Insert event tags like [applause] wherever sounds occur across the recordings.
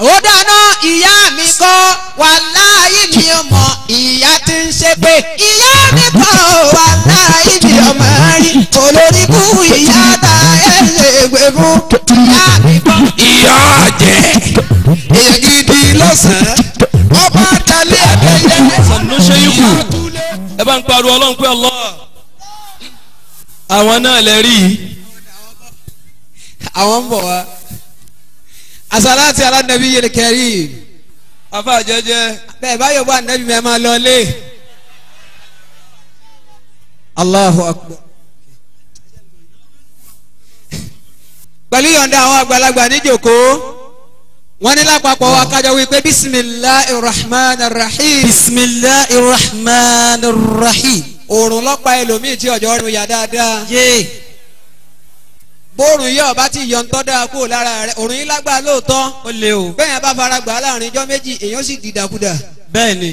ó dáná ìyá mi kọ́ wàláhì mi ò mọ̀ ìyá tí ń ṣe pé ìyá mi kọ́ wàláhì mi ò mọ̀ rí olórí kú ìyá ta ẹ lè gbé fún ìyá mi kọ́. ìyá jẹ èyàn gidi lọ́sàn-án ọba àtàlẹ́ àtẹ̀yẹ. sàmúlò ṣe yín kù ẹ bá ń pariwo ọlọ́run pé ọlọ́ àwọn náà lè rí i. àwọn ń bọ̀ wá asalaati ala nabi yeli kẹri. afa jẹjẹ. bẹẹ bá yọ bọ anabi mẹ ma lọlé. Allahu akbar. pẹ̀lú yọ̀ǹda àwọn àgbàlagbà níjòkó wọ́n ní lápapọ̀ wa kájọ wípé bisimilahi rahman rahim. bisimilahi rahman rahim. òrùn lọ́pàá ẹlòmíì tí ọjọ́ rẹ̀ yà dáadáa. yéé bóòrùn yìí ọba ti yọ ntọ́ dáa kúrò lára rẹ òrùn yìí lágbára lóòótọ́ ó lè o bẹ́ẹ̀ yẹn bá fara gbà láàrin ijọ́ méjì èèyàn sì dìdàkudà. bẹ́ẹ̀ ni.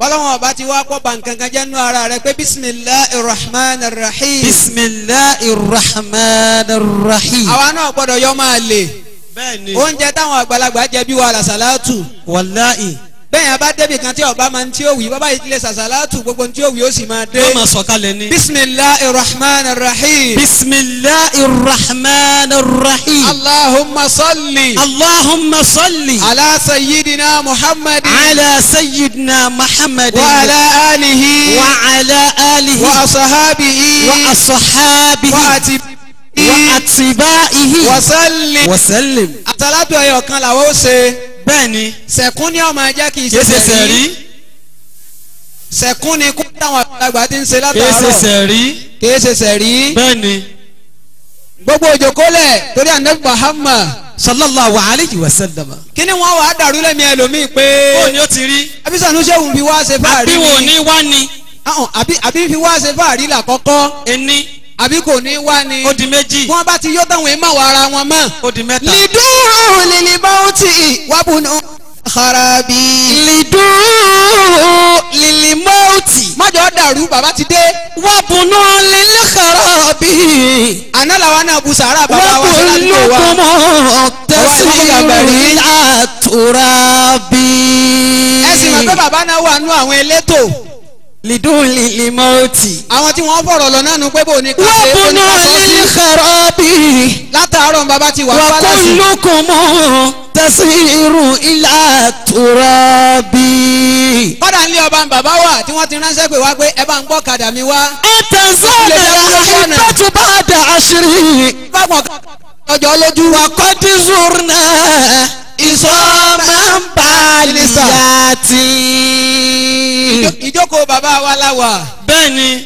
bọ́lọ́wọ́n ọba ti wá kọ́ bàǹkankan jẹ́ nú ara rẹ pé bisimilahi rahman rahim. bisimilahi rahman rahim. àwa náà gbọ́dọ̀ yọ máa lè. bẹ́ẹ̀ ni. oúnjẹ táwọn àgbàlagbà jẹ bí wàhálà sàlátù. wàláì bẹ́ẹ̀ yẹn bá débi kan tí ọba máa ń tí ó wí bàbá yìí tilẹ̀ sàṣàlátù gbogbo tí ó wí ó sì máa dé. yóò máa sọ̀kalẹ̀ ni. bisimilahi rahman rahim. bisimilahi rahman rahim. allahumma salli. allahumma salli. ala sayyidina muhammad. ala sayyidina muhammad. wa ala alihi. wa ala alihi. wa asahabihi. wa asahabihi. wa ati. wa atibaihi. wa sallim. wa sallim. àtàlátù ẹ̀yọ̀ kan làwọn ó ṣe bẹ́ẹ̀ni. sẹ̀kún ni ó máa jẹ́ kì í ṣe sẹ̀rí. sẹ̀kún ni kó táwọn àgbàlagbà ti ń ṣe látàárọ̀. kì í ṣe sẹ̀rí. kì í ṣe sẹ̀rí. bẹ́ẹ̀ni. gbogbo òjòkólẹ̀ torí anabi Muhammad sallallahu alayhi wa sallam. kí ni wọn wàá dàrú lẹ́mí ẹlòmíì pé. bó ni ó ti rí. abisanú sẹ́wùn fi wá ṣe fáàrí ni. àbí wò ni wá ni. àbí fi wá ṣe fáàrí là kọ́kọ́. ẹni àbí kò ní wá ni. ó di méjì. wọ́n bá ti yọ táwọn èèmọ̀ wọ ara wọn mọ́. ó di mẹ́ta. lìdúró lìlìbọ́ọ̀tì wàbùnú kharabi. lìdúró lìlìmọ́ọ̀tì. májọ dàrú bàbá ti dé. wàbùnú lìlì kharabi. àná làwọn náà bu sàárà bàbá wa sọ́lá ní kò wá. wàbùnú tẹ̀síìrì àtúrábì. ẹ sì mọ̀ pé bàbá náà wà nú àwọn elétò lidun lili mọ́ọ̀tì. àwọn tí wọ́n fọ̀rọ̀ lọ nánu pé bò ní kàfé tó ní kàfọ́ sí. wọ́n bunú lílẹ̀ rọ́bì. látàárọ̀ bàbá ti wà pálásì. wà kó lókun mú tẹ̀síìrù ilà tùrọ̀bì. kọ́dà ńlẹ̀ ọba bàbá wa tí wọ́n ti ránṣẹ́ pé wá pé ẹ bá ń gbọ́ kàdà mi wá. ìtẹ̀sọ́nà ìtọ́tùbá dà àṣírí. báwọn kan ọjọ́ lójú. wà kọ́ ìsọmọ balìyàtì. ìjókòó bàbá wa la wà. bẹ́ẹ̀ ni.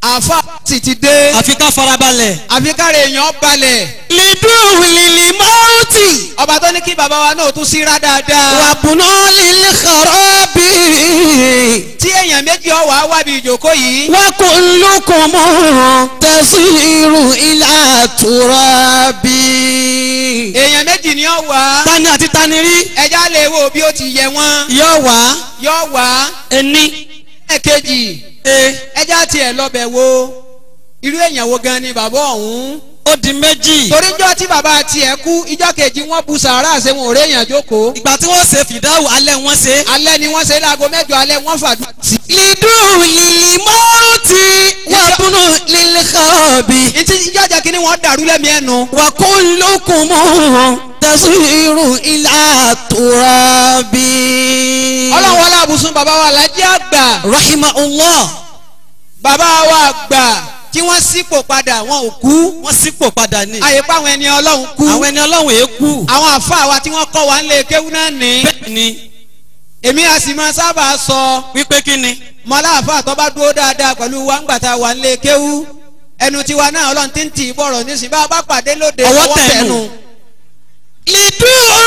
àfa sì ti dé. àfi ká farabalẹ̀. àfi ká rè yàn balẹ̀. lidúù lili mọ́ọ̀tì. ọba tó ní kí bàbá wa náà tún síra dáadáa. wà bùnú lílì kọ̀rọ̀ bí. tí èèyàn méjì ọ wà wá bí ìjókòó yìí. wọ́n kò lókun mọ́ tẹ̀sí irú ilà tùrọ̀ méjì. èèyàn méjì ni ó wá. tani àti tani rí. ẹja lè wo bí ó ti yẹ wọn. yọ wá. yọ wá. ẹni. ẹ̀kejì. ẹ. E. ẹja tiẹ̀ lọ bẹ̀ wo irú èèyàn wo gan ni bàbá ọ̀hún ó di méjì. torí ijọ́ tí bàbá tiẹ̀ kú ijọ́ kejì wọ́n bu sàárà ṣe wọn ò réyàn jókòó. ìgbà tí wọ́n ṣe fìdáwò alẹ́ wọ́n ṣe. alẹ́ ni wọ́n ṣe láago mẹ́jọ alẹ́ wọ́n fàdú. lidun yìí mọ́rún ti wàbúnú lílẹ́kọ̀ọ́bì. ìtì ijọ́ jẹ́ kínní wọ́n dàrú lẹ́mí ẹnu. wà kó lókun mọ́ tẹ̀síìrù ilà tùrọ̀bì. ọlọ́wọ́lá àbùsùn bàbá wa lajẹ́ àgbà. rahimahullah. bàbá wa àgbà tí wọ́n sípò padà wọn ò kú. wọ́n sípò padà ni. àyè pa àwọn ẹni ọlọ́run kú. àwọn ẹni ọlọ́run yẹn kú. àwọn àfa wa tí wọ́n kọ́ wa ń lé kéwú náà ní. bẹ́ẹ̀ni. èmi a sì máa sábà sọ. wípé kí ni. mọ́lá àfa tó bá dúró dáadáa pẹ̀lú wa ń gbàtà wa ń lé kéwú. ẹnu tiwa náà ọlọ́run ti ń tì í bọ̀rọ̀ nísìnyí bá a bá pàdé lóde ọwọ́ tẹnu lìdúrù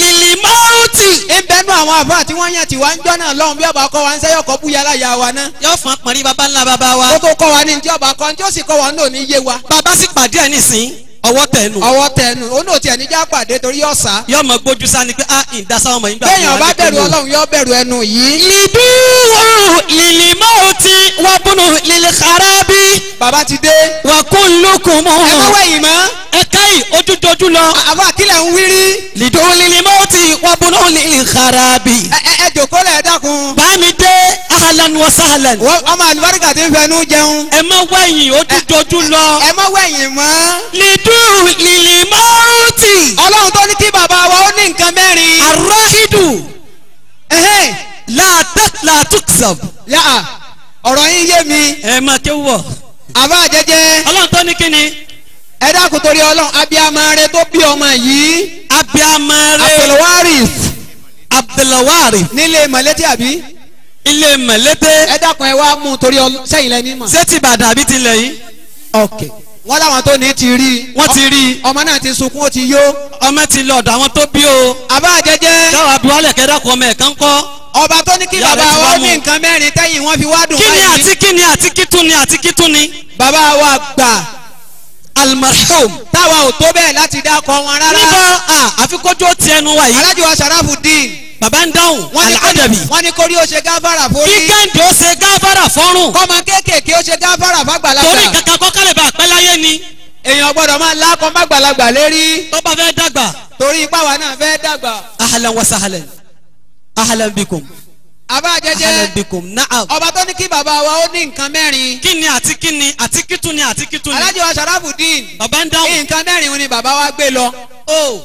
lìlìmọ́ọ̀tì. ń bẹnu àwọn àbá tí wọ́n yàn tí wàá ń jọ́ náà lọ́hùn bí ọba kọ́ wa ń sẹ́yọ̀ kọ́ búya láyà wa náà. yóò fọn pọ̀nrín baba ńlá baba wa. kókó kọ́ wa ní ní ọba kọ́ tí ó sì kọ́ wa ní òní yé wa. baba sì pàdé ẹ̀ nísìnyí ọwọ́ tẹnu. ọwọ́ tẹnu ó ní òtí ẹni já pàdé torí yọ sá. yọ mọ gbójú sá pé a ah, ìdásá ọmọ yín gbà. bẹ́ẹ̀ yàn bá bẹ̀rù ọlọ́run yọ bẹ̀rù ẹnu yìí. lìdú wọ̀rù lìlímọ̀ ti wọ́n bùnú lílì xarabi. bàbá ti dé. wà kó lókun mọ́. ẹ má wẹ̀yìn mọ́. ẹ káyì ojújojú lọ. àbá kílẹ̀ ń wírí. lìdú lìlímọ̀ ti wọ́n bùnú lílì xarabi. ẹ ẹ jòkó lẹ̀ dákun. dé ahlan wa sahlan. ọmọ àlùbáríkà ti fẹnu jẹun. ẹ má wẹ̀yìn ó ti dojú lọ. ẹ má wẹ̀yìn mọ́. lidu lili mọ́rùtì. ọlọ́run tó ní kí bàbá wa ó ní nǹkan mẹ́rin. arahidu. la tuksab. ọ̀rọ̀ yín yé mi. ẹ má ké wọ̀. àbá jẹjẹ. ọlọ́run tó ní kí ni. ẹ dákun torí ọlọ́run abiyamọ rẹ tó bí ọmọ yìí. abiyamọ rẹ. abdulwaris. abdulwaris. nílé mọ̀lẹ́tì àbí ilé mọ̀lẹ́tẹ́. ẹ dákun ẹ wá mú torí sẹ́yìn lẹ́ni mọ̀. ṣé ti Ìbàdàn àbí ti lẹ̀ yín. ok wọ́n láwọn tó ní ti rí. wọ́n ti rí. ọmọ náà ti sunkún ó ti yó. ọmọ ti lọ ọ̀dọ̀ àwọn tó bí o. àbá jẹjẹ. táwa bí wọ́n lẹ̀ kẹ́ dákun ọmọ ẹ̀ kán kọ́. ọba tó ní kí bàbá wa ó ní nǹkan mẹ́rin tẹ́yìn wọ́n fi wá dùn báyìí. kíni àti kíni àti kítúni àti kítúni. bàbá wa gbà almarhum. táwa ò tó bẹ́ẹ̀ láti dákọ̀ wọn rárá. níbo àfikójú ó ti ẹnu wa yìí. alájọ wa Sharafuddin bàbá ń dáhùn aládàbí. wọ́n ní kórí ó ṣe gáfàrà fórí. kíkẹ́ǹdì ó ṣe gáfàrà fọ́rùn. kọ́mọ kéékèèké ó ṣe gáfàrà fàgbàlagbà. torí kankan kọ́kálẹ̀ bá pẹ́ láyé ni. èèyàn gbọ́dọ̀ máa lákọ fàgbàlagbà lérí. tó bá fẹ́ dàgbà. torí ipá wa náà fẹ́ dàgbà. ahlan wa sahlan ahlan bikum àbá jẹjẹ alẹ́bìkùn náà. ọba tó ní kí bàbá wa ó ní nǹkan mẹ́rin. kí ni àti kí ni àti kí tún àti kí alájọ Oh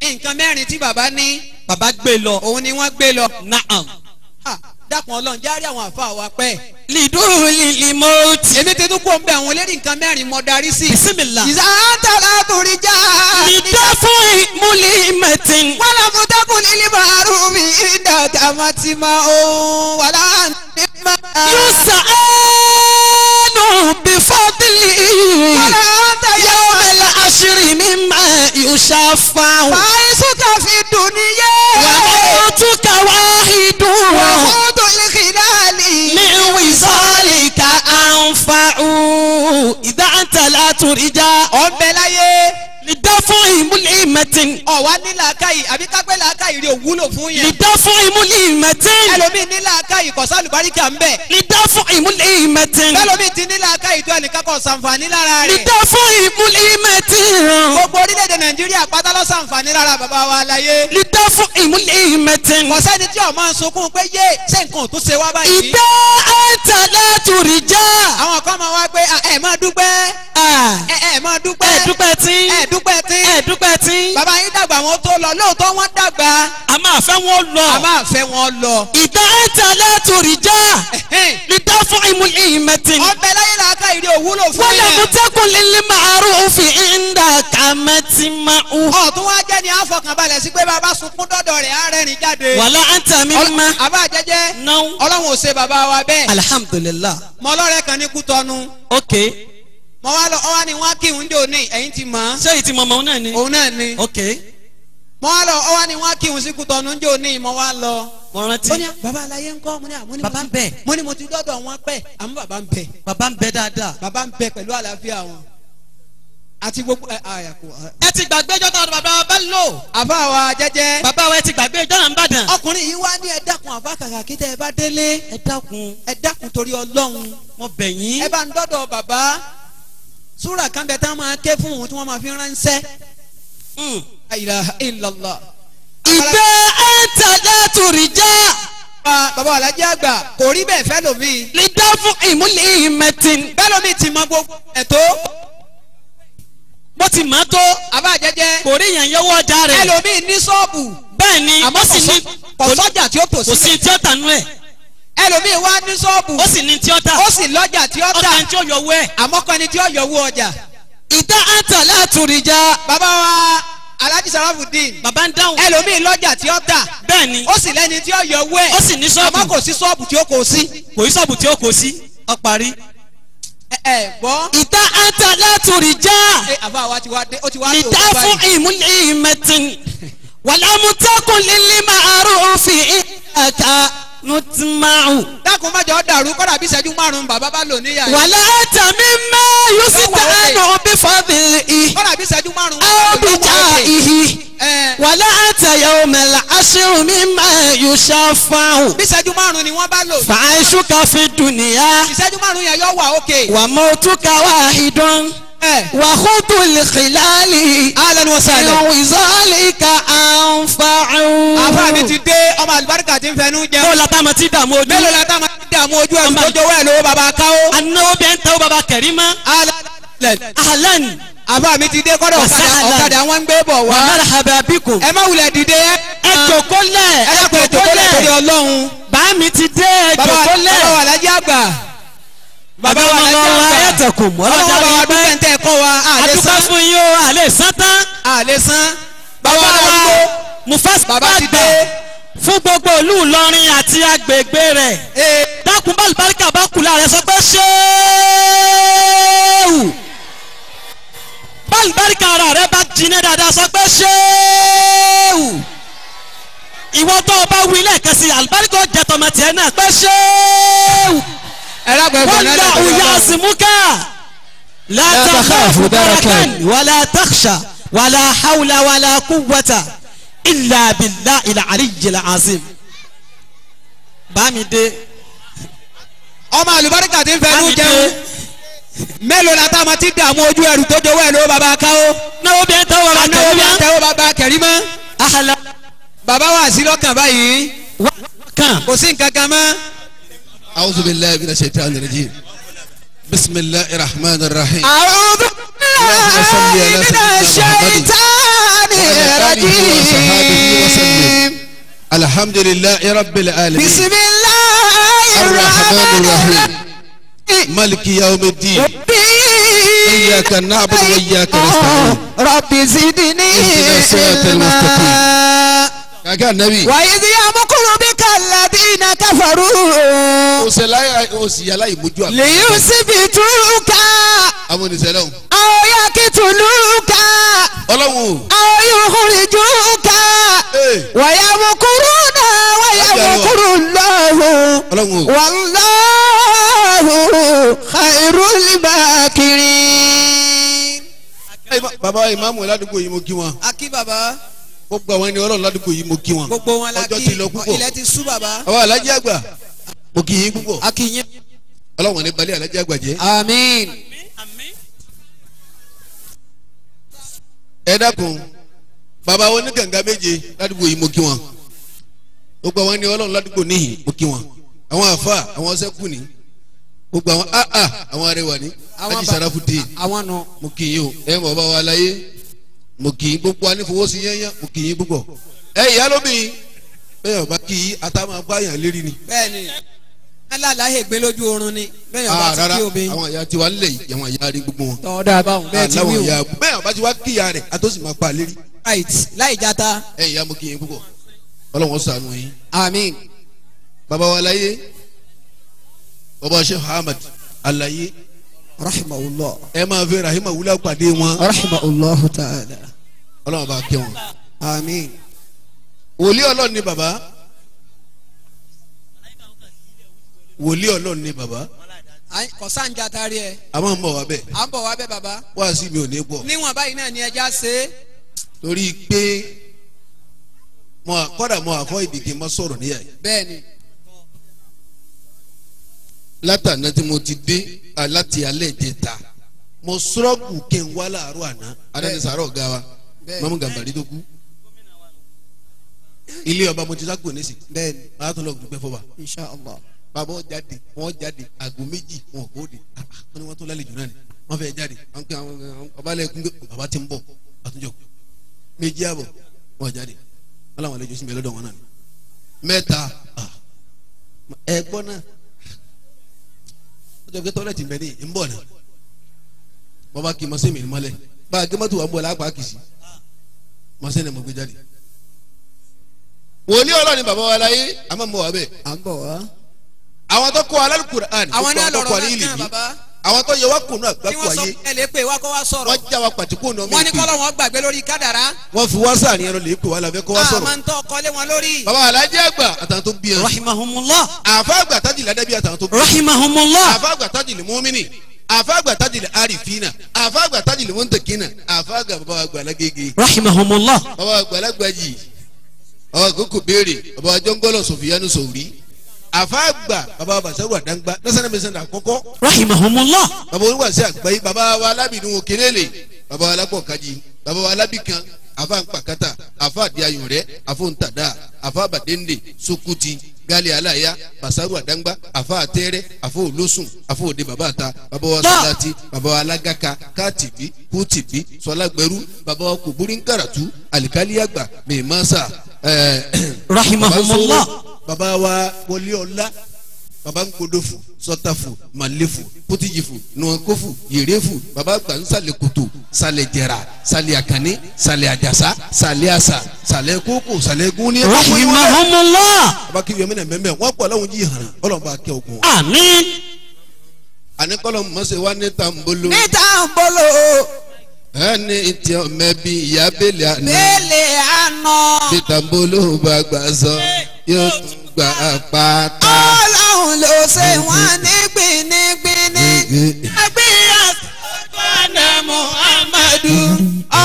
nǹkan mẹ́rin tí bàbá ní bàbá gbé lọ òun ni wọ́n gbé lọ naam dàpọ̀ ọlọ́run járí àwọn àfa wa pẹ́. lìdúró lìlì mọ́ọ̀tì. èmi ti tún kó ń bẹ àwọn eléyìí nǹkan mẹ́rin mọ́ darí sí. bisimilá. ìsàtàlá torí já. lìdọ́ fún ìmúlẹ̀ mẹ́tìn. wọ́n lọ fún tẹ́kùn lílì bàárù mi ìdàgàmọ́tìmọ́ òun wàlá ní. yóò sàn ṣàfà. fàáyísù kà fi dùn níyẹ. wàá tún kà wá ìdùn. wàá tún lè kí dáàlì. mi wìsọ́ọ̀lì ká àǹfà ìdá àǹtà látùrìjà. ọ̀bẹ láyé fún ìmúlẹ̀ ìmẹ̀tìn. ọ̀wá ní làákàyè àbí kápẹ́ làákàyè rẹ̀ wúlò fún yẹn. lìdá fún ìmúlẹ̀ ìmẹ̀tìn. ẹlòmíì ní làákàyè kọ̀sá àlùbáríkà ń bẹ̀. lìdá fún ìmúlẹ̀ ìmẹ̀tìn. ẹlòmíì ti ní làákàyè tó ẹnìkan kò sànfàní lára rẹ̀. lìdá fún ìmúlẹ̀ ìmẹ̀tìn. gbogbo orílẹ̀-èdè nàìjíríà pátá ló sànfàní lára bàbá wa láyé. lìdá fún ìmúlẹ̀ ìmẹ̀tìn. kọ̀sẹ́ni tí ọmọ sunkún pé yé ṣé nǹkan tó ṣe wá báyìí. ìdá ẹ̀ta látùrìjà. àwọn kan máa wá pé ẹ̀ máa dúpẹ́ ẹ ẹ mọ dúpẹ́ ẹ dúpẹ́ tí ẹ dúpẹ́ tí ẹ dúpẹ́ tí. bàbá yín dàgbà wọn tó lọ lóòótọ́ wọn dàgbà. a máa fẹ́ wọn lọ. a máa fẹ́ wọn lọ. ìdá ẹ̀ta látòrí já ìdá fún ìmú ìmẹ̀tì. ọbẹ̀ láyé la ká ìdí òwúlò fún mi. wọ́n lè mú tẹ́kùn lílé màárù òfin ìndà kàmẹ́tì máa ń. ọ̀tún wá jẹ́ ni àfọkànbalẹ̀ sí pé bàbá sunkún dọ́dọ̀ rẹ̀ á rẹ́rìn jáde. wàlá à ń tà mí mọ́. àbá jẹ́jẹ́ ọlọ́run ò ṣe bàbá wa bẹ́ẹ̀. alihamudulilayi. mọ́lọ́rẹ́ okay mo wá lọ ọwọ́ ni wọ́n kí n jò ní ẹ̀yìn ti mọ̀. ṣé èyí ti mọ̀ mọ̀ òun náà ni. òun náà ni. ok. mo wá lọ ọwọ́ ni wọ́n kí n sí kutọ̀nù jò ní mo wá lọ. mo rántí. ó ní Baba aláyé ńkọ́ mo ní àmọ́ ní mo ti bàbá ń bẹ. mo ní mo ti dọ́dọ̀ wọn pẹ́ àmọ́ bàbá ń bẹ. bàbá ń bẹ dáadáa. bàbá ń bẹ pẹ̀lú àlàáfíà wọn àti gbogbo ẹ àyà ẹ ti gbàgbé ìjọ náà bàbá wa jẹjẹ. bàbá wa ẹ ti gbàgbé ìjọ náà ń bàdàn. ọkùnrin yìí wá ní ẹ dákun àbá kàkà mo bẹ̀ yín. ẹ bá ń dọ́dọ̀ bàbá súrà kan bẹ tá a máa ké fún òun tí wọ́n máa fi ránṣẹ́. ayira hmm. illallah. ìgbẹ́ ẹ̀ ń tajà tòrìjà. bàbá alájí àgbà kò rí bẹ́ẹ̀ fẹ́ lómi. lè dá fún ìmúlẹ̀ ìmẹ̀tì. bẹ́ẹ̀ lómi ti mọ gbogbo ẹ̀tọ́ bó ti mọ̀ tó. àbá jẹjẹ. kò rí yàn yọwọ́ ọjà rẹ̀. ẹlòmíì ní ṣọ́ọ̀bù. bẹ́ẹ̀ ni ó sì ní. kò sọ́jà tí ó tò sílẹ̀. kò sí tí ó tànú ẹ̀ ẹlòmíì wá ní sọ́ọ̀bù. ó sì ní tí ó tà. ó sì lọ́jà tí ó tà. ọkàn tí ó yọ owó ẹ̀. àmọ́kọ ẹni tí ó yọ ọjà. ìta àǹtà látùrì já. bàbá wa alhaji sarafudin. bàbá ń dáhùn. ẹlòmíì lọ́jà tí ó tà. bẹ́ẹ̀ni. ó sì lẹ́ni tí ó yọ owó ẹ̀. ó sì ní sọ́ọ̀bù. àmọ́ kò sí sọ́ọ̀bù tí ó kò sí. kò sí sọ́ọ̀bù tí ó kò sí. ó parí. ẹ ẹ gbọ́. ìta àǹtà látùrì já. ìta fún ìmúlẹ̀ [laughs] nùtùmáwù. dákun má jẹ́ ọ́ dàrú kọ́dà bí ìṣẹ́jú márùn-ún bàbá bá lò níyà. wàlá tàmí má yóò sì tẹ ẹnu bí fọ́bìlì i. kọ́dà bí ìṣẹ́jú márùn-ún. àwọn bìjà ìhì. wàlá tẹ̀yẹ̀ òmìnira aṣírun mi má yóò ṣàfáwù. bí ìṣẹ́jú márùn-ún ni wọ́n bá lò. fàáṣù káfí dùnìyà. ìṣẹ́jú márùn-ún yẹn yóò wà ókè. wàmọ̀ òtúkà wà ìdán. وخط الخلال اهلا وسهلا وذلك انفع àfáà mi ti dé ọmọ àlùbáríkà ti ń fẹnu jẹun. mélòó la tá a ma ti dààmú ojú. mélòó la tá a ma ti dààmú ojú ẹ̀ lójó wẹ̀ lówó baba káwó. anáwó bẹ́ẹ̀ ń tawó baba kẹ̀rìmá. ahlan. àfáà mi ti dé kọ́dọ̀ ọ̀kadà ọ̀kadà wọn ń gbé bọ̀ wá. wàhálà hababikum. ẹ má wulẹ̀ dìde ẹ. ẹ jòkó lẹ̀. ẹ jòkó lẹ̀ torí ọlọ́run. bàá mi ti dé ẹ jòkó lẹ̀. bàbá bàbá wàlájà àgbà bàbá wa láyé àtẹkùn ọlọ́wọ́ wa dúpẹ́ ń tẹ́ kọ́ wa àlè sán àdúgbò fún yín o àlè sán tán àlè sán bàbá wa mufasa bàbá ti dé fún gbogbo ìlú Ìlọrin àti agbègbè rẹ̀ dákun bálùbáríkà bá kù láàrẹ sọ pé ṣéèwù bálùbáríkà ara rẹ bá jiná dáadáa sọ pé ṣéèwù ìwọ tó wí lẹ́ẹ̀kan sí àlùbáríkà ó jẹ tọmọtìẹ náà pé ṣéèwù wọ́lá òyà àsìmúkà látàkà fúdàràkàn wàlà tàkṣà wàlà hàwùlà wàlà kúwàtà ìlà bìlà ìlà àríyìlà àzìm. bámidé. ọmọ àlùbáríkà ti ń fẹ́ ló jẹun mélòó la tá a ma ti dààmú ojú ẹrù tó jowó ẹ̀ lówó baba káwó. náwó bẹ́ẹ̀ tẹ́wọ́ baba kẹrìmọ́. náwó bẹ́ẹ̀ tẹ́wọ́ baba kẹrìmọ́. ahala. wa sí lọ́kàn báyìí. kàn. kò sí nǹkan kan mọ́. أعوذ بالله من الشيطان الرجيم بسم الله الرحمن الرحيم أعوذ بالله من الشيطان الرجيم الحمد لله رب العالمين بسم الله الرحمن الرحيم ملك يوم الدين إياك نعبد وإياك نستعين ربي زدني صراط المستقيم gàgà nẹ́bí. wàyí sí amúkúrú bí kàlá bí iná káfọ́rú. òsìyàlá ìmójú àgbà. lèyí sì fi túlùkà. amúnisẹ́lẹ̀ o. àwọn yà kí túlùkà. ọlọ́run. àwọn yóò kúrì jùlùkà. wàyí amúkúrú náà wàyí amúkúrú lọ́wọ́. ọlọ́run. wàlọ́wọ́ khairul makirin. bàbá ìmáàmù ládùúgbò yìí mo kí wọn. a bàbá gbogbo àwọn ẹni ọlọ́run ládùúgbò yìí mo kí wọn. gbogbo wọn la kí ilẹ̀ ti sú bàbá. àwọn alájí àgbà mo kì í púpọ̀. a kì í yín. ọlọ́run ní balẹ̀ alájí àgbà jẹ́. àmín. ẹ dákun bàbá wọn ní gàǹgà méje ládùúgbò yìí mo kí wọn. gbogbo àwọn ẹni ọlọ́run ládùúgbò níhìn mo kí wọn. àwọn àfa àwọn sẹ́kù ni gbogbo àwọn aa àwọn arẹwà ni láti sàràfù dé. mo kì í yín o ẹ mọ̀ bá wa láyé mo kì í gbogbo anífowósí yẹ́nyẹ́ mo kì í gbogbo ẹ ìyá lóbìnrin bẹ́ẹ̀ ọba kì í atámọ̀ báyàn lérí ni. bẹ́ẹ̀ni alálàáhẹ gbé lójú oorun ni bẹ́ẹ̀ ọba ah, ti kí obìnrin. àwọn àyà tiwa nílẹ̀ yìí àwọn àyà rí gbogbo wọn. tọ́wọ́ dáa báwọn bẹ́ẹ̀ ti wí o. bẹ́ẹ̀ ọba ti wá kíyà rẹ̀ a máa pa lérí. right láì jata. ẹ ìyá mo kì í gbogbo ọlọ́wọ́n sànù yín. àmín. baba wa láyé baba Sheikh Ahmad alaye rahimahullah. ẹ máa fi rahimahullah pàdé wọn. rahimahullah ta'ala. ọlọ́run bá kẹ́ wọn. àmín. wòlíì ọlọ́run ni bàbá. wòlíì ọlọ́run ni bàbá kọ̀sán jà taari ẹ. a máa ń bọ̀ wá bẹ́ẹ̀. a ń bọ̀ wá bẹ́ẹ̀ baba. wá sí mi ò ní bọ̀. níwọ̀n báyìí náà ni ẹja ṣe. torí pé kọ́dà mo àfọ ìdìgì mo sọ̀rọ̀ níyà yìí. bẹ́ẹ̀ni látàná tí mo ti dé láti alẹ́ ìjẹta mo sọ́ọ̀kù kí n wá láàárọ̀ àná adáni sàárọ̀ ga wa mamu gàmbàrí tó kú ilé ọba mo ti sáko ní sí bẹ́ẹ̀ni màá tún lọ dúpẹ́ fọba bàbá wọn jáde wọn jáde àgọ méjì wọn kò de ah, ah, wọn ni wọn tún lálejò náà ni wọn fẹẹ jáde ọba lẹkùn bàbá ti ń bọ̀ àtúnjọ méjì àbọ̀ wọn jáde wọn làwọn àlejò sí mi lọ́dọ̀ wọn náà ni mẹ́ta ah. ẹ náà ó jẹ́ pé tọ́lẹ̀tì ń bẹ ní ń bọ̀ náà bàbá kì í mọ sẹ́mi mọ́lẹ̀ bá a gé mọ́tò wà ń bọ̀ lápá kì í sí mọ mo gbé jáde. wòlíì ọlọ́ni bàbá wa láyé àmọ́ mo wà bẹ́ẹ̀. à ń bọ̀ wá. àwọn tó kọ́ alálùkùránì àwọn náà lọ́rọ̀ náà àwọn tó yẹ wá kùnú àgbákò ayé. kí wọ́n sọ ẹlẹ́ pé wá kó wá sọ̀rọ̀. wọ́n já wa pàtíkù náà mi pè. wọ́n ní kọ́lọ́ wọn gbàgbé lórí kádàrá. wọ́n fi wá sáà ní ẹran lè pè wá làbẹ́ kó wá sọ̀rọ̀. àmọ́ ń tọ́ kọ́lé wọn lórí. Baba alájẹ́ àgbà àtàwọn tó bí ẹ. rahimahumullah. àfa àgbà tajìlẹ̀ adébí àtàwọn tó bí. àfa àgbà tajìlẹ̀ mọ́mìnì àfàgbà tajìlì àrífínà àfàgbà tajìlì mọ́ntàkínà àfàgbà bàbá àgbàlagége. rahimahumullah. bàbá àgbàlagbàjì bàbá baba, àfáàgbà bàbá basaru àdàngbà nasana mẹsàn-án àkọ́kọ́. rahimahumullah. bàbá oníwàsí àgbáyé baba, wa alábìnrin wọn kérélè baba, wa alágbọ̀nkájì baba, wa alábìkan afa nkpakata afa adiayunrẹ afa, ntada afa badende sokuti gali alaya basaru adangba afa atẹrẹ afa, olosun afo ode baba ata baba wa salati baba wa alagaka katibi kutibi sọlagbẹru baba wa koburinkaratu alikaliagba mẹmasa. rahimahumullah baba wa wọlé ọlá baba nkodofu sọtafu malefu potijifu nuwankofu yerefu baba gba nsàlẹ̀ koto sàlẹ̀ jẹra sàlẹ̀ akani sàlẹ̀ ajasa sàlẹ̀ asa sàlẹ̀ koko sàlẹ̀ guni. rahimahumullah. baba kí wíwẹ́mí náà mẹ́mẹ́ wọ́n kọ́ aláwọ̀ yìí hàn ọlọ́run bá kẹ́ ogun. àmín. àní kọ́lọ̀ mọ̀ọ́sẹ̀ wa ní tambolo. ní tambolo. ẹni tí ọmọ ẹbí ìyá bẹ́lẹ̀ àná. bẹ́lẹ̀ àná. bí tambolo bá yóò tún gbà pátá. ọlọ́run ló ṣe wọ́n ní gbinigbini. ẹgbẹ́ àtúntò ọ̀nà muhammadu.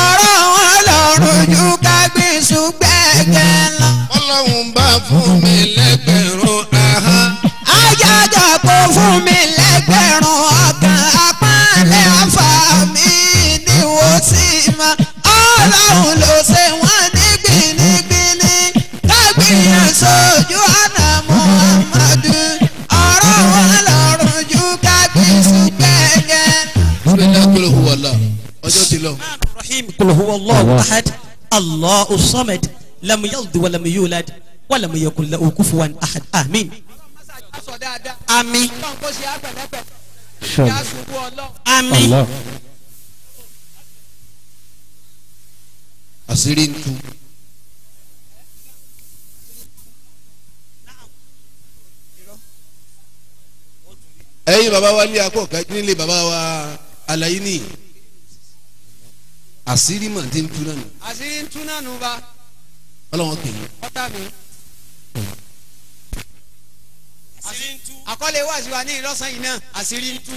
ọ̀rọ̀ wọn lọ́rùn ju kágbé ṣùgbẹ́kẹ̀ lọ. ọlọ́run bá fún mi lẹ́gbẹ̀rún ahọ́n. ajájà kò fún mi lẹ́gbẹ̀rún ọkàn apá lẹ́fà mi ni wọ́n sì máa. ọlọ́run ló sójú ọ̀nà Muhammadu ọ̀rọ̀ wọn lọ́rùn ju kábíyèsí gbẹ̀gẹ̀. bisimilayi kulu huwa allah ọjọ́ ti lọ. rahim kulu huwa allah ahad allahu samad lam yalid wa lam yulad wa lam yakun lahu kufuwan ahad amin. àmín. àmín. àmín. àṣírí ń tú. baba wa nílé akọ kájí nílé baba wa alayi ni àṣírí mà ti ń tú nánu. àṣírí ń tú nánu ba. ọlọ́wọ́n kì í. ọ̀tá mi. àṣírí ń tú. àkọlé wàásù wa ní ìlọsàn yìí náà àṣírí ń tú.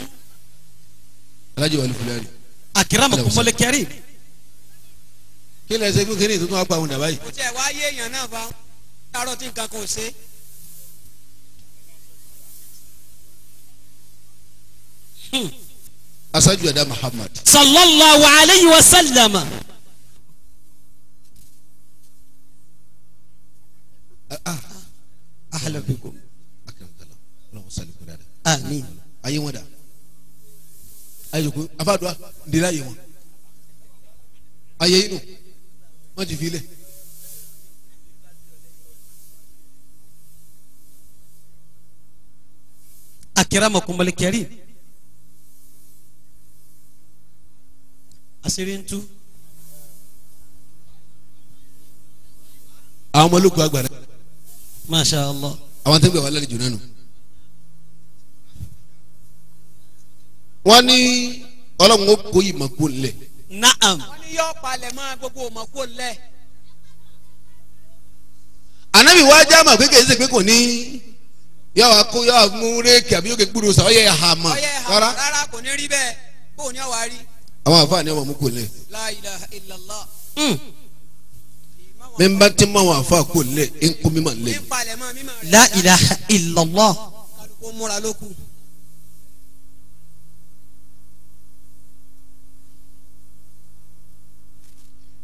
alájọ wà ní fúlẹ́rì. àkìrámà kò mọlẹ kẹrí. kí lè kí kí tuntun wa pa òun dàbá yìí. kò tẹ̀ wá yé èèyàn náà fa. àrò tí nǹkan kò ṣe. aṣáájú ẹ̀dá Muhammad. sallallahu alayhi wa sallam. ahlan bikum. amin. ayé wọn dà ayé ko abadua ndera ayé wọn ayé inú wọn ti fi lẹ. akiramakumalikari. àṣírí ń àwọn ọmọ ológun agbára. masha allah. àwọn tó ń gbà wá lálejò náà nù. wọ́n ní ọlọ́run ó kó ìmọ̀ kó lẹ̀. naam. wọ́n ní yọ palẹ̀ mọ́ gbogbo ìmọ̀ kó lẹ̀. anabi wa jama pé kèsì pé kò ní yà wá kó yà wá mú rékì àbí yóò ké gbúdọ̀ sọ ọ yẹ hàmà. ọ yẹ hàmà rárá kò ní rí bẹ́ẹ̀ kò ní ọ wá rí àwọn àfáàní ọmọ mú kò lẹ. La ilaha hmm. mọ àwọn àfáà kò lẹ ẹ ń kó mi lẹ. La ilaha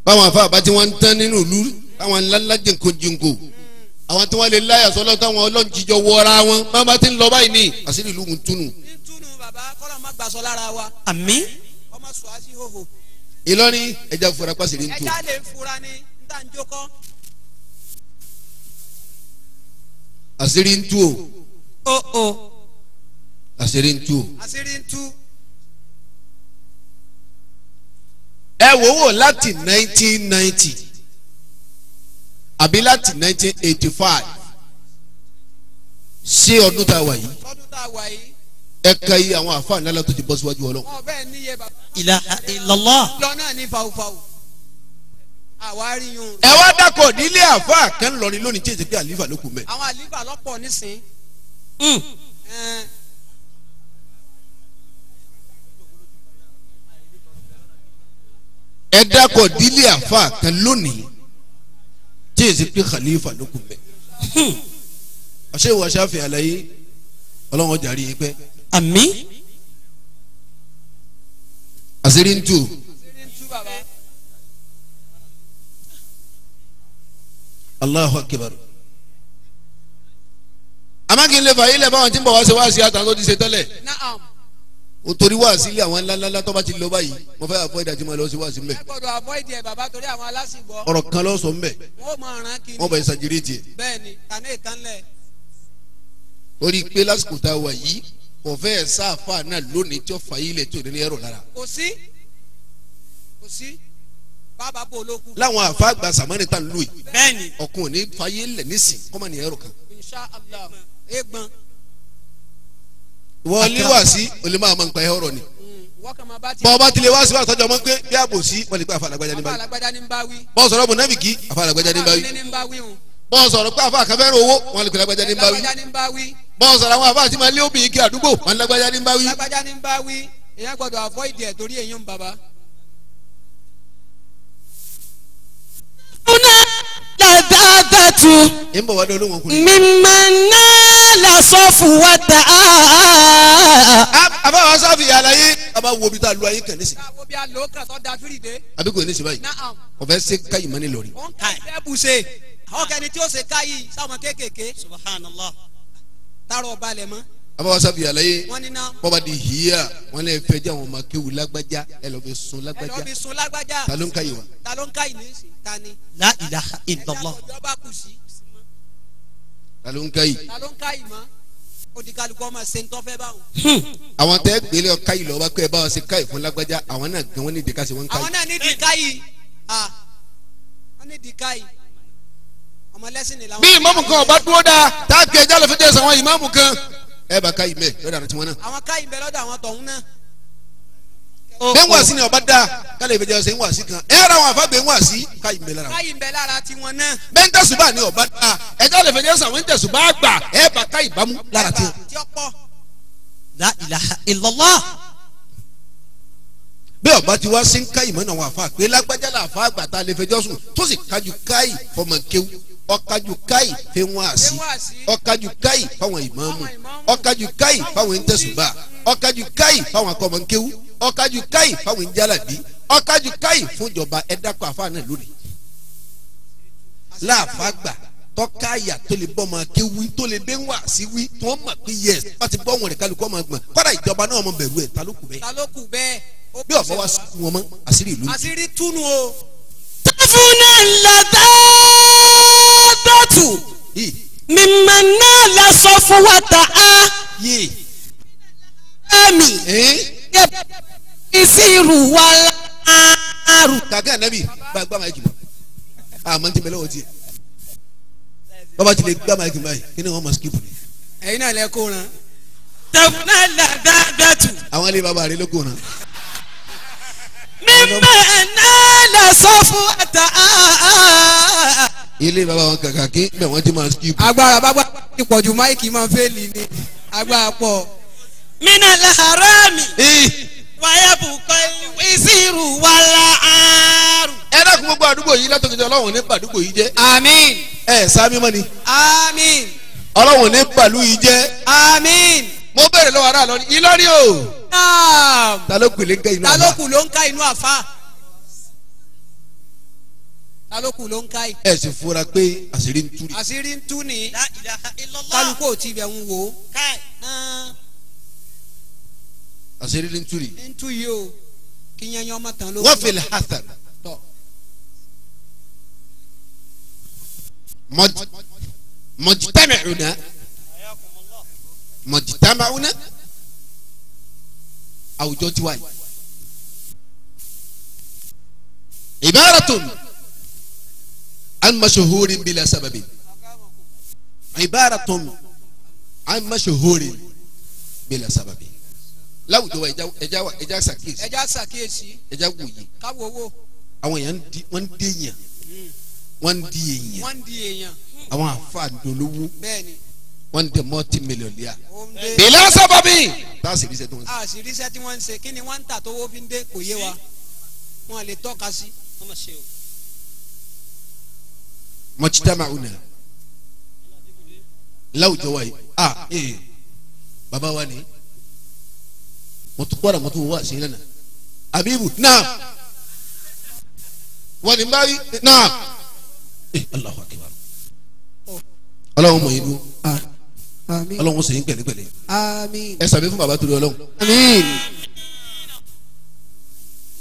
báwọn àfáà bá ti wọn ń tán nínú ìlú àwọn ńláńlá jẹ̀ǹkojìǹkò àwọn tí wọ́n lè láyà sọ́lọ́ táwọn ọlọ́njijọ́ wọra wọn bá bá ti ń lọ báyìí ní àṣírí ìlú ń túnú. ń túnú bàbá kọ́lá má gbàsọ lára wa. àmín kọ́mọ sọ àti hòhò. Ìlọrin ẹja fura pàṣírí ń tó. ẹja lè fura ni n tà ń jókọ́. àṣírí ń tú o. Oh, oh. o àṣírí ń tú àṣírí ń tú. ẹ wò wò láti nineteen ninety àbí láti nineteen eighty five sí ọdún tá a wà yìí. ọdún tá a wà yìí ẹ ka yi àwọn àfáàní lálẹ́ tó ti bọ́ síwájú ọlọ́. ọbẹ̀ ní yé bàbá. ìlà ìlọlọ. lọ́nà ní fàwùfàwù. àwárí yun. ẹ wá dàkọ̀ nílé àfáà kan lọrin lónìí tí èsì pé àlífà ló kù mẹ́. àwọn àlífà lọ́pọ̀ nísìn. Hmm. ẹ dàkọ̀ nílé àfáà kan lónìí tí èsì pé àlífà ló kù mẹ́. ọ̀sẹ̀ ìwọ̀n ṣáfihàn lẹ́yìn ọlọ́run ọjà rí pẹ́ àmín àṣírí ń tú. Allahu akbar. amákinlẹ̀ fà ilẹ̀ báwọn tí ń bọ̀ wá sí wá sí àtàwọn tó ti ṣe tẹ́lẹ̀. o torí wá sílé àwọn ńláńlá tó bá ti lọ báyìí mo fẹ́ avoid àti mo lọ sí wá mbẹ. ẹ gbọ́dọ̀ avoid ẹ bàbá torí àwọn aláṣìgbọ́. ọ̀rọ̀ kan lọ sọ mbẹ. wọ́n mọ̀ ọ̀ràn kìíní. wọ́n bẹ̀ ṣàjírí tiẹ̀. bẹ́ẹ̀ni tani ìtànlẹ̀. orí pé lásìkò tá a wà yìí ọ̀fẹ́ sáfà náà lónìí tí ó fà yí lè tó ìdílé ẹ̀rọ lára. kò sí kò sí bàbá bò ológun. láwọn àfa àgbà samani tá n lù yìí. bẹ́ẹ̀ni. ọkùn òní fàyè lẹ nísìn kọ́mọ ní ẹ̀rọ kan. insha allah egbọn. wọ́n lé wá sí olè máa ma ń pa ẹ̀rọ ni. bọ́ọ̀ mm, bá tilẹ̀ wá sí wàá tọ́jú ọmọ pé bí àbòsí wọ́n lè gbé àfa àlágbájá ní báwí. bọ́ọ̀ sọ̀rọ̀ bùnábìkì àfa àlágbájá ní báwí bọ́ọ̀ sọ̀rọ̀ pé àfáà kẹfẹ́rẹ́ owó wọn lè gbẹ̀lẹ́gbẹ̀jẹ́ ní bá wí bọ́ọ̀ sọ̀rọ̀ àwọn àfáà tí máa lé obìnrin kí àdúgbò wọn lágbájá ní bá wí. ní bá èèyàn gbọ́dọ̀ avoid ẹ̀ torí èyí ń bàbá. múná làdáàdàtú mímọ náà làsọ́fù wá tà á. àbáwọ̀ sọ́fù àlàyé àbá wo bí tá a lo ayé kàn sí. àbá bí kò ní sí báyìí. ọ̀fẹ́ sẹ́ káyìí mọ́ lọ rí. ó àwọn kẹni tí ó ṣe ká yìí sáwọn kéékèèké. subhanallah. tààrọ̀ balẹ̀ mọ́. abawo sábì àlàyé bọ́ba di hiya wọn lè fẹ́ jẹ́ àwọn ọmọ kéwù lágbájá ẹ lọ fi sun lágbájá ẹ lọ fi sun lágbájá ta ka yìí wa. ta ló ń ka yìí ní tani. la ilaha illallah. ta ló ń ka yìí. ta ló ń ka yìí mọ́ odikaluku ọmọ ṣe ń tọ́fẹ́ báwo. Hmm. àwọn tẹ́ gbélé ọ̀ka yìí lọ́wọ́ pé ẹ bá wọn ṣe káyì fún lágbájá àwọn náà gan wọn ní ìdíkà sí wọn káyì. yìí. àwọn náà ní ìdíkà yìí. Ah bí ìmáàmù kan ọba dúró dáa tá a kẹ jálọ fi dé sàwọn ìmáàmù kan ẹ bá ká ìmẹ lọ́dọ̀ àwọn tiwọn náà. bẹ́ẹ̀ wá sí ni ọba dáa kálí ìbẹ̀jẹ̀ ọ̀sẹ̀ ń wá sí kan ẹ ara wọn àfa bẹ́ẹ̀ wá sí ká ìmẹ lára. ká bẹ́ẹ̀ ń tẹ̀sùbà ni ọba dáa ẹ jálọ fi dé sàwọn ń tẹ̀sùbà gbà ẹ bá ká ìbámu lára tiwọn ọba ti wá sí ń ká ìmọ̀ náà wà fà pé lágbájá là fà àgbà tá a lè fẹjọ́ sùn tó sì kájú káì fọmọ kéwú ọkájú káì fi wọn àsí ọkájú káì fáwọn ìmáàmù ọkájú káì fáwọn ìtẹ̀sùbà ọkájú káì fáwọn akọmọ kéwú ọkájú káì fáwọn ìjálàbí ọkájú káì fúnjọba ẹ̀dákọ̀ àfa náà lónìí. láàfà gbà tọ́ka àyà tó lè bọ́ máa ké wí tó lè bẹ́ wá sí wí tó mọ̀ pé yẹ wọ́n bọ́ wọn rẹ̀ kálukọ́ máa gbọ̀n kọ́dà ìjọba náà mọ̀ bẹ̀rù ẹ̀ ta bẹ́ẹ̀. ta bẹ́ẹ̀ bí ọ̀bọ wa sọ wọn mọ́ àṣírí ìlú. àṣírí túnú o. tẹ́fúnà lọ́dọ̀ dọ́tù mímọ náà la sọ fún wa ta á. ẹ̀mí ìsirù wa láàrú. kàkẹ́ ànábì bá a gbá máa jù lọ àmọ́ ní tẹ̀mẹ́lẹ́ wọ́n ti yẹ bàbá tilẹ̀ gbá máa jù báyìí kí ni wọ́n mọ̀ skip ni. ẹ̀yin náà lẹ kó ran. tẹ̀fúnà lọ́dọ̀ dọ́tù. àwọn ilé bàbá rẹ ló kó ran mímẹ́ náà lè sọ fún ata. ilé bàbá wọn kàkà kí bẹ̀ wọ́n ti máa ń skip. agbára bàbá ti pọ̀ ju máìkì máa fẹ́ lì ní agbára pọ̀. mina la harami. wáyà bùkọ́ ìsirù wàlà àrùn. ẹ dákun gbogbo àdúgbò yìí látọ̀ kejì ọlọ́run ní pàdúgbò yìí jẹ́. àmín. ẹ sáà mímọ́ ni. àmín. ọlọ́run ní pàlú yìí jẹ́. àmín. mo bẹ̀rẹ̀ lọ́wọ́ ara lọ ní o naam. ta ló kù ló ń ka inú àfa. ta ló kù ló ń ka inú àfa. ta ló kù ló ń ka yìí. ẹ sì fura pé àṣírí ń tú ni. àṣírí ń tú ni kálukú ò tí ibẹ̀ ń wò. àṣírí ń tú ni. ń tú yìí o kí yẹn yẹn ọmọ tán ló. wọ́n fi lè hasan. مجتمعنا مجتمعنا àwùjọ tiwa yìí. ibaratun an mashuhurin bila sababin ibaratun an mashuhurin bila sababin láwùjọ wa ẹja wa ẹja ṣàkíyèsí ẹja ṣàkíyèsí ẹja wòye káwọ wo. àwọn hmm. èèyàn wọ́n ń èèyàn wọ́n di èèyàn àwọn àfa dolówó. bẹ́ẹ̀ni wọ́n dẹ̀ mọ́tì mílíọ̀nìyà. bìlá sábàbí. tá a sì ríṣẹ́ tí wọ́n ń ṣe. a sì ríṣẹ́ tí wọ́n ń ṣe kí ni wọ́n ń tà tó wó fi ń dé kò yé wa wọ́n lè tọ́ka sí. mọ̀títàmà ọ̀nà láwùjọ wa yìí a ah, ee eh. bàbá wa ni mo tún kọ́ra mo tún wá sí lẹ́nà abibu náà wọ́n ní báyìí náà ee eh, Allahu akbar oh. ọlọ́run mọ̀ yín dúró ọlọ́run sì ń pẹ̀lẹ́pẹ̀lẹ́ ẹ sàmì fún bàbá torí ọlọ́run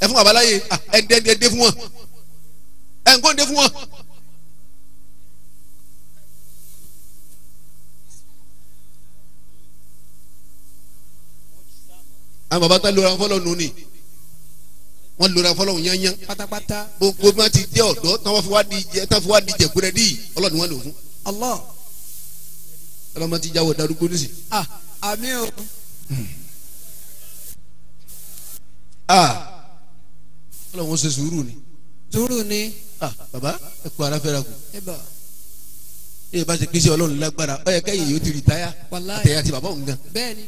ẹ fún bàbá láyè ẹ dé dé dé fún wọn ẹ ń kó dé fún wọn. àwọn bàbá tá lóra fọlọ́ nù ni wọn lóra fọlọ́hún yányán pátápátá gbogbo bí wọn ti jẹ ọ̀dọ́ tí wọn fi wá di jẹ tí wọn fi wá di jẹkúrẹ́ dì ọlọ́run wọn lò fún. Allah ọlọ́mọ ti jáwọ́ darúgbó nísì. ah àmì o. Hmm. ah ọlọ́wọ́n ṣe sùúrù ni. sùúrù ni. ah baba ẹ kú ara fẹ́ra kù. ẹ bá ẹ bá ṣe pé ṣe ọlọ́run lágbára ọ yẹ kẹ́yìn yóò ti rìtáyà àtẹ̀yà ti bàbá òun gan. bẹ́ẹ̀ni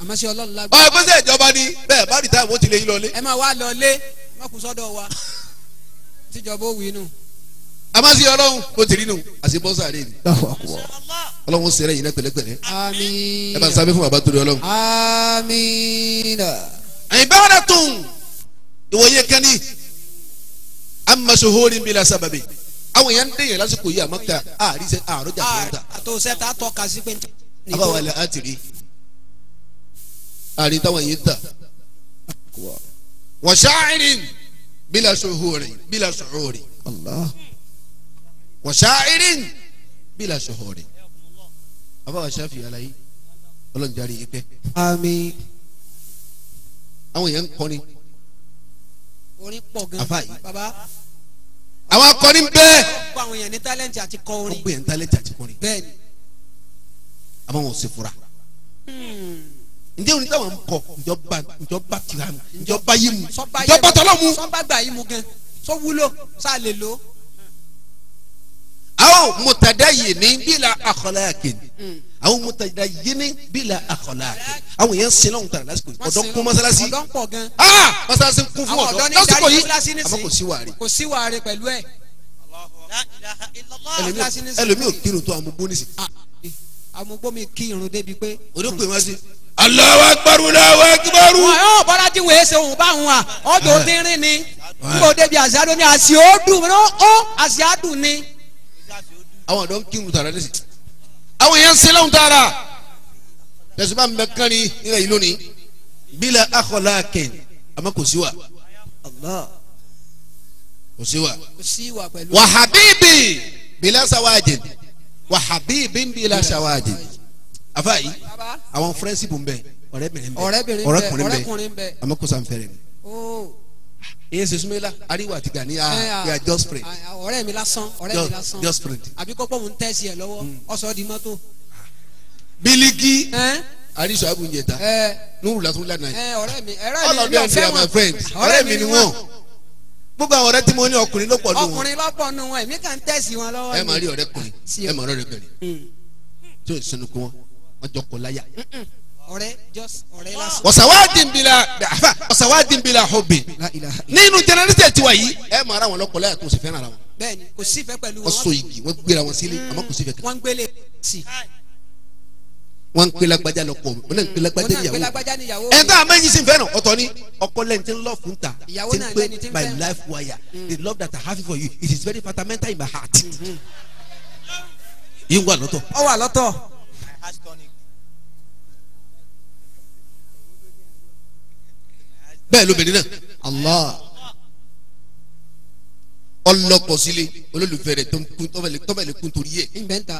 àmọ́ ṣe ọlọ́run lágbára. ọ ẹgbẹ́ sẹ́ ìjọba ni bẹ́ẹ̀ bá rìtáyà wọ́n ti lè yín lọlé. ẹ máa wá lọlé mọ́kùn sọ́dọ̀ wa tíjọba ò wí nù. àmọ́ ṣe ọlọ́run mo ti ọlọ́run ṣe rẹ̀ yìí náà pẹ̀lẹ́pẹ̀lẹ́. àmín. ẹ bá ń sábẹ́ fún bàbá torí ọlọ́run. àmín. ìbára tún ìwòye kẹ́ni amasohorin bila sábàbí àwọn èèyàn ń dẹ̀yẹ̀ lásìkò yìí àmọ́ ta àríṣẹ́ àròjà tó ń ta. àtòsẹ́ ta tọ́ka sí pé. àbáwọ̀ alẹ́ àti rí àrí táwọn yìí ta wọ́n ṣááìrín bila sohorin bila sohorin wọ́n ṣááìrín bila sohorin àbáwá ṣáfì alayé ọlọ́run járe yìí pẹ́. àmín. àwọn yẹn ń kọrin. orin pọ̀ gan. àfa yìí baba. àwọn akọrin bẹ́ẹ̀. gbogbo àwọn yẹn ní tálẹ́ǹtì àti kọ orin. gbogbo yẹn ní tálẹ́ǹtì àti kọ orin. bẹ́ẹ̀ni. àmọ́ wọn ò sì fura. Hmm. ǹjẹ́ orin táwọn ń kọ ǹjọba ǹjọba tìrà mu ǹjọba yìí mu ǹjọba tọ́lọ́ mu. sọ́ba gbà yìí mu gan sọ wúlò sáà lò aw mutadayini bila akhlaqin aw mutadayini bila akhlaqin aw yẹn sinna ń ta lásìkò yìí ọdọ kún masalasi aa masalasi kún fún ọdọ lásìkò yìí a ma kò sí wàrí. kò sí wàrí pẹ̀lú ẹ̀. kírun tó amúgbó nísì. Ah! amúgbó mi kírun débi pé. o de pè wá sí. Allahu akbar Allahu akbar. wọn yóò bọ́lá tí wèé ṣe òun bá wọn a ọdún tínrín ni kó eh. débi àṣà dún ni àṣìó dùn ní ó àṣìá dùn ni àwọn àdó ń kírun tààrà ní sí àwọn èèyàn ń ṣe lóhùn tààrà tẹ̀síbà ń bẹ kán ní ilẹ̀ yìí lónìí bílẹ̀ akọ̀lá kẹ̀n àmọ́ kò sí wa kò sí wa wà habibi bílẹ̀ sawajin wà habibi bílẹ̀ sawajin àfàyè àwọn fúrẹ́sìpù ń bẹ ọ̀rẹ́bìnrin bẹ ọ̀rẹ́kùnrin bẹ àmọ́ kò sàǹfẹ̀rẹ̀ mi. Oh èyí ṣe súnmẹ́lá àríwá àti gani ah yeah eh, just print. Ah, ah, ọ̀rẹ́ mi lásán ọ̀rẹ́ mi lásán just print. àbí kọ́kọ́ mo ń tẹ́sí ẹ̀ lọ́wọ́ hmm. ọ̀sọ́ di mọ́tò. bílíkì eh? àríṣọ àbújẹta eh. nùrù lásán lánàá yìí. ọ̀rẹ́ mi ọ̀rẹ́ mi ò fẹ́ wọn ọ̀rẹ́ mi ni wọn gbogbo àwọn ọ̀rẹ́ tí mo ní ọkùnrin ló pọ̀ nù wọn. ọkùnrin ló pọ̀ nù wọn èmi kàn ń wọn lọ́wọ́. ẹ máa rí ọ̀rẹ́ kùnrin ẹ máa rí ọ̀rẹ́ bẹ̀rẹ̀ hmm. tí ò sínú wọn wọn jọ kọ láyà ọ̀rẹ́ just ọ̀rẹ́ lásán. ọ̀sàwádìí bila àfà ọ̀sàwádìí bila hobby. nínú jẹnẹrétẹ̀ tiwa yìí ẹ máa ra wọn lọ́kọ láyà tó sì fẹ́ràn ara wọn. bẹ́ẹ̀ni kò sí ìfẹ́ pẹ̀lú wọn. wọ́n so igi wọ́n gbéra wọn sílé àmọ́ kò sí ìfẹ́ kan. wọ́n ń gbélé sí. wọ́n ń pe lágbájá lọ́kọ mi wọ́n ń pe lágbájá níyàwó. ẹ tá a mẹ́yìn sí fẹ́ràn ọ̀tọ̀ ni ọkọ lẹ́ni tí ń lọ fún ta ti ń pe my life wire mm. the love that I have for you it is very fundamental in my heart. Mm-hmm. yín wà lọ́tọ̀. ọ wà lọ́tọ̀. bẹ́ẹ̀ lóbìnrin náà Allah ọlọ́kọ̀ sílé olólùfẹ́ rẹ̀ tọ́mẹ̀lẹ̀ kún torí yẹ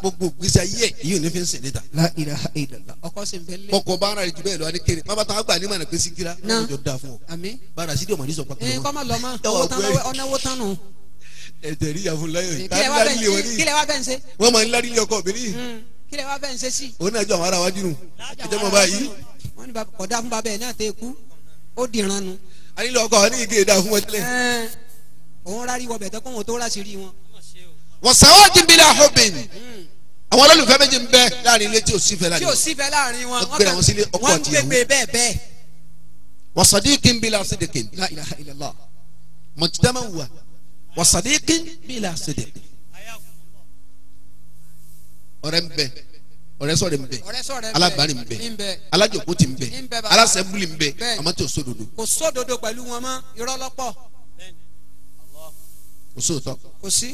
gbogbo gbèsè ayé yìí ò ní fi ń sẹ̀ níta. la ilaha illallah ọkọ sì ń bẹ lé. ọkọ bá ara rẹ jù lọ adé kéré bàbá tó a gbà ní mànà pé síkírá ọjọ́ da fún ọ. àmín bàrà sídìí ọmọ ní sọ pàtó. ẹ kọ́mọ lọ́mọ ọ̀nàwó tánu. ẹ tẹ̀rí ìyàfun láyọ̀ kílẹ̀ wá bẹ́ẹ̀ ń ṣe. wọ́n máa ń lárí ilé ọkọ obìnrin mm. kílẹ̀ wá bẹ́ẹ̀ ń ṣe sí. òun náà jọ àwọn ará wájú nù. ẹjọ́ mọ̀ báyìí. wọ́n ní kọ̀dá fún bàbá náà tẹ́ ẹ kú ó dìran nu àyìnlọ ọkọ ní igi ìdá fún wọn tẹ́lẹ̀. òun rárí wọ bẹ̀tẹ̀ kó wọn tó láṣìírí wọn. wọ́n sáwọ́ ti bí la hobin àwọn olólùfẹ́ méjì ń bẹ láàrin ilé tí ò sífẹ́ láàrin wọn. tí ò sífẹ́ láàrin wọn wọ́n kàn wọ́n ń bẹ́ẹ̀ bẹ́ẹ̀. wọ́n sadiqin bila sidiqin la ilaha illallah mọ̀títẹ́mọ̀ wà wọ́n sadiqin bila sidiqin ọ̀rẹ́ ń bẹ́ẹ̀ ọ̀rẹ́sọ̀rẹ́ ń bẹ alábàárì ń bẹ alájòkó ti ń bẹ alásẹ̀bùlì ń bẹ àmọ́ tí ò sódodo. kò sódodo pẹ̀lú wọn mọ́ irọ́ lọ́pọ̀. kò sóòótọ́. kò sí.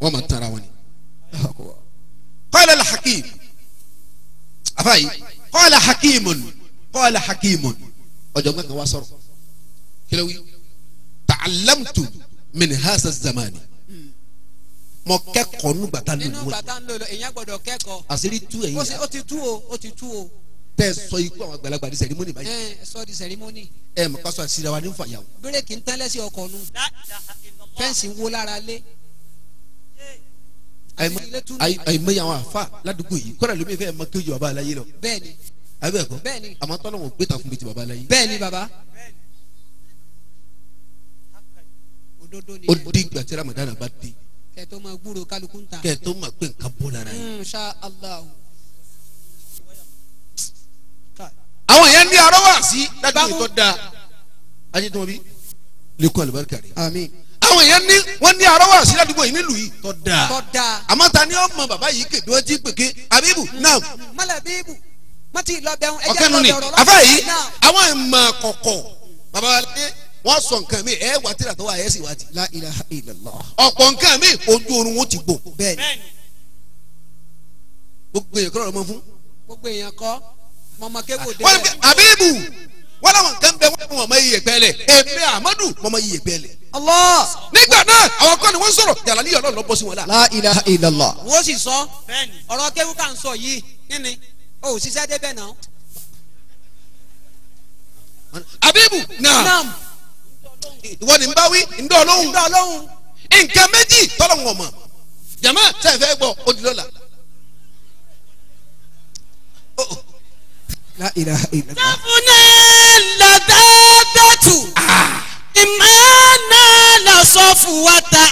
wọ́n máa tara wọn ni. qala hakim àfàyè qala hakimun qala hakimun ọ̀jọ̀gbọ́n kan wá sọ̀rọ̀ kílẹ̀ wí ta'allamtu min zamani mọ kẹ́kọ̀ọ́ nígbà tá lò lò ẹ àṣírí tú ẹ̀yin yà ó ti tú o ó ti tú o. tẹ sọ ikú àwọn àgbàlagbà di sẹrimóni báyìí. ẹ sọ di sẹrimóni. ẹ mọ pásọ àṣírí wa fa fàyà o. bírèkì ń tẹ́lẹ̀ sí ọkọ̀ nu fẹ́ǹsì ń wó lára lé. àìmọye àwọn àfa ládùúgbò yìí kọ́ra lómi fẹ́ mọ kéjì bàbá aláyé lọ. bẹ́ẹ̀ni àbẹ ẹkọ bẹ́ẹ̀ni àmọ́ tọ́lọ̀ wọn gbé takùn bìtì bàbá aláyé. bẹ́ẹ̀ni bàbá. ó di ìgbà Ramadan bá kẹtọ ma gbúrò kálukú ń ta. kẹtọ ma pé nǹkan bó lára yìí. insha Allah. àwọn yẹn ní arọ wà sí dájú ìtọ́ da ajé tó wọn bí lẹkọ alibarika rẹ. àmín. àwọn yẹn ní wọn ní arọ wà sí ládùúgbò yìí nílùú yìí tọ́ da. tọ́ da. àmọ́ ta ni ọmọ bàbá yìí kèdè wọn ti pèké abibu náà. mọ́lá abibu mọ́tì lọ́bẹ̀rún ẹ̀jẹ̀ lọ́bẹ̀rún ọ̀kẹ́ nù ni àfẹ́ yìí àwọn ìmọ̀ kọ̀kọ̀ bàbá wa lé wọ́n sọ nǹkan mi ẹ̀ wá tíra tó wà ẹ̀ sì wá di. la ilaha illallah. ọ̀pọ̀ nǹkan mi ojú oorun wọn ti gbò. bẹ́ẹ̀ni gbogbo èèyàn kọ́ ló mọ fún. gbogbo èèyàn kọ́ mọ̀mọ́ kébòde. wọ́n ní abibu wọ́n làwọn kan bẹ wọ́n mọ̀mọ́ iye pẹ́lẹ̀ èmi amadu mọ̀mọ́ iye pẹ́lẹ̀. Allah. nígbà náà àwọn kan wọ́n sọ̀rọ̀ jàlá níyọ̀ lọ́ọ̀ lọ́bọ̀ sí wọn la. la ilaha illallah ìwọ ni n bá wí ndé ọlọ́hun nǹkan méjì tọ́lọ̀ wọn jama tẹ́ ẹ fẹ́ gbọ́ ó di lọ́la. dáfúnà lọ́dọ́dọ́tù ìmọ̀ọ́nà lọ́sọ̀fùwàtà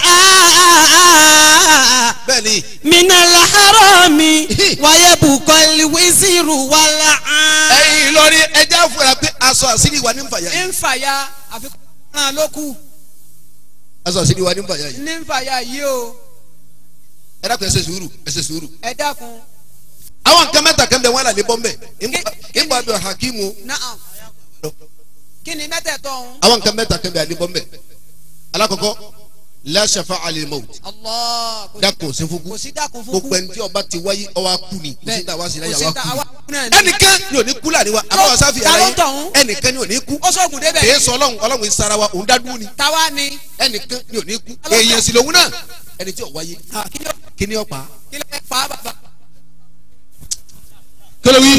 bẹ́ẹ̀ni. minala harami wáyé bukọ́lì wíṣírù wàlà. ẹ̀yin lórí ẹja fúra pé aṣọ àṣírí wa ní nfàyà. ní nfàyà àfikún hàn ló kù. aṣọ àṣírí wa ní nfàyà yìí. ní nfàyà yìí o. ẹ dákun ẹ ṣe sùúrù ẹ ṣe sùúrù. ẹ dákun. àwọn nǹkan mẹ́ta kan bẹ̀ wọ́n là ní bọ́m̀bẹ̀ nígbà bí hakimu. kí ni mẹ́tẹ̀ẹ̀tọ̀ ọ̀hún. àwọn nǹkan mẹ́ta kan bẹ̀ à ní bọ́m̀bẹ̀ alákọ̀ọ́kọ́ lẹ́sẹ̀fẹ́ alimọ̀tì. dako sefuku gbogbo ẹni tí ọba ti wáyé ọwa kú ni kùsìtà wa sílẹ̀ yà wá kú ni. ẹnìkan ni ò ní kú láàrin wa àbáwọ̀ sáfì ara yẹn ẹnìkan ni ò ní kú. ó sọ ògùn débẹ̀. kì í sọ ọlọ́run ọlọ́run ń sara wa òun dádúró ni. tawa ni. ẹnìkan ni ò ní kú èèyàn sì lòun náà ẹni tí ò wáyé. kí ni ọ̀pá. kí ló fà á bàbá. kí ló wí.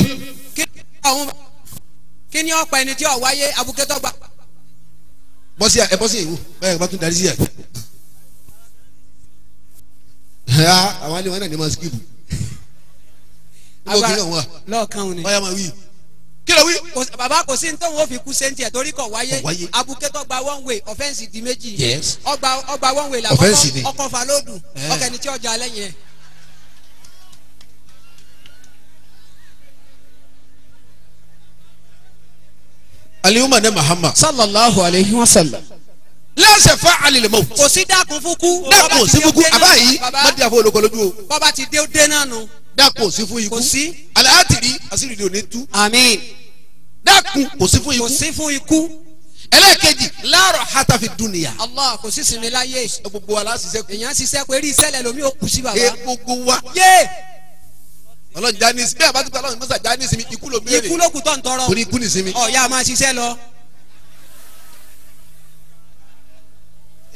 kí ni ọ̀pá ẹni tí ò wáyé abukẹ́tọ̀ gbà. bọ́sí ẹ bọ́sí ìwú bẹ́ẹ̀ bá tún darí sí ẹ àwọn alẹ́ wọn náà ni ma skipu. lọ́ọ̀kan òní. ọ̀yà máa wí kí wí. bàbá kò sí nítorí fi kú sẹ́ńtì ẹ̀ torí kọ̀ wáyé abukẹ́tọ̀ gba one way ọ̀fẹ́ǹsì di méjì ọgbà ọgbà one way làkọ́kọ́ ọkọ̀ falódù eh. ọkọ̀ ẹni tí ọjà alẹ́ yẹn. aliyu mande muhammad. sallallahu alayhi wa sallam lẹ́sẹ̀ fún alìlẹ̀ mọ́. kò sí dákun fún kú. dákun sí fún kú àbá yìí má di àfọ olóko lójú o. bọ́ba ti dé ó dé náà nù. dákun sí fún ikú. kò sí. aláàtìrí àṣírí ni ò ní tú. àmín. dákun kò sí fún ikú. kò sí fún ikú. ẹlẹ́ẹ̀kejì láàrọ̀ hatafi dunuya. Allah kò sí sinmi láyé. gbogbo wa la ṣiṣẹ́ kù. èèyàn ṣiṣẹ́ pé eré iṣẹ́ lẹ lomi ò kù sí baba. e gbogbo wa. yé ọlọ́run jáde ní sinmi bí àbátúgbà ọlọ́run mọ́sá jáde ní sinmi ikú ló mẹ́rin. ikú ló kù tọ̀ ń tọrọ. torí ikú ní sinmi. ọ̀ ya máa ṣiṣẹ́ lọ.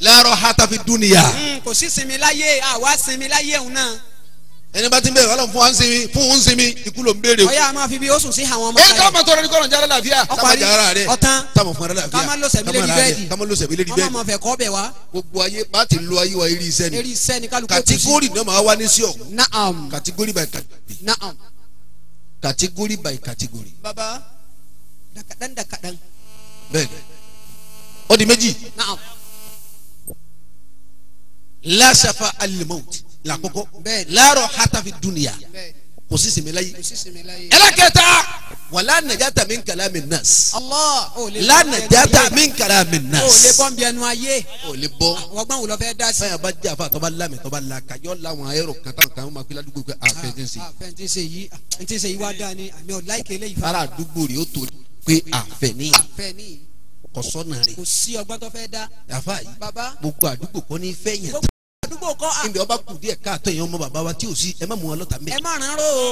la rahata fi dunya. Hmm, kò sí sinmi láyé àwa sinmi láyé òun náà. ẹni bá ti ń bẹ̀rẹ̀ wàhálà fún wa ń sinmi fún un sinmi ikú ló ń béèrè. ọ̀ya máa fi bí ó sùn sí àwọn ọmọ rẹ. ẹ ká máa tọrọ ní kọ́nà jára làáfíà. ọkọ ọtán táwọn fún ara làáfíà ká lọ sẹ̀mílẹ̀ ní bẹ́ẹ̀dì ká lọ sẹ̀mílẹ̀ ní bẹ́ẹ̀dì. ọmọ fẹ́ kọ́ bẹ̀ wá. gbogbo ayé bá ti lo ayé wa eré iṣẹ́ ni. eré iṣẹ́ ni kálukú ti sùn. kàtígórì náà máa wá ní naam kàtígórì by kàtígórì. naam kàtígórì by kàtígórì. baba dakadan dakadan. bẹ́ẹ̀ni ó di naam láṣàfà alimọt làkọ́kọ́ láàrọ̀ hatafi dunuya kò sí sinmi láyé ẹlẹ́kẹta wà lánàjàtà mi nkàlà mi nàs lánàjàtà mi nkàlà mi nàs. o lè bọ́ nbí ẹnu ayé. o lè bọ́. wọ́n gbọ́n wò lọ fẹ́ dá sí. báyà bá jẹ́ àfa tọ́ba lámì tọ́ba la kàyọ́ làwọn ayọ̀rọ̀ kàtà kàwọn máa pínlẹ̀ àdúgbò pé a fẹ́ ti ń se. a ah, fẹ́ ti ń se yìí a yìí wá dáa ni àmì ọ̀la ìkẹlẹ́ yìí. ara àdúgbò rẹ̀ ó tó pé a ah, fẹ́ ní. a ah, kò sí ọgbọ́n tó fẹ́ dá. àfa yìí gbogbo àdúgbò kọ́ ní fẹ́ yẹn àdúgbò kọ́ à. Ah. ìbí ọba kù díẹ̀ káàtó yẹn ọmọ bàbá wa tí ò sí ẹ má mú wọn lọ́ta mẹ́. ẹ má ràn ró o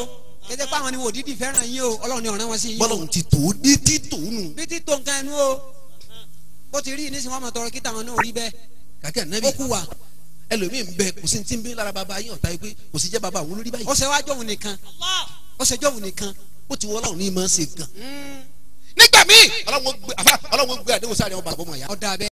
kété pàwọn ni wò dídì fẹ́ràn yín o ọlọ́run ni ọ̀ràn wọn sí yín. bọ́lọ̀ ti tò ó bí tí tò ó nù. bí tí tò nǹkan ẹnu o bó ti rí nísìnyí wọn mọ̀ tọrọ kíta wọn náà rí bẹ́ẹ̀. kàkẹ́ ànábì ó kú wa ẹlòmíín bẹ kò sí ti ń bí lára bàbá yín ọ̀tá yìí pé kò sí jẹ́ bàbá òun lórí báyìí. ó ṣe wá jọ̀hún nìkan ó ṣe jọ̀hún nìkan ó ti wọ́n ọlọ́run ní ìmọ̀ ṣe gan. Hmm. nígbà míì ọlọ́run gbé àdéhùn sáré ọba àbọ̀mọ̀ yá. ọ̀dà bẹ́ẹ̀.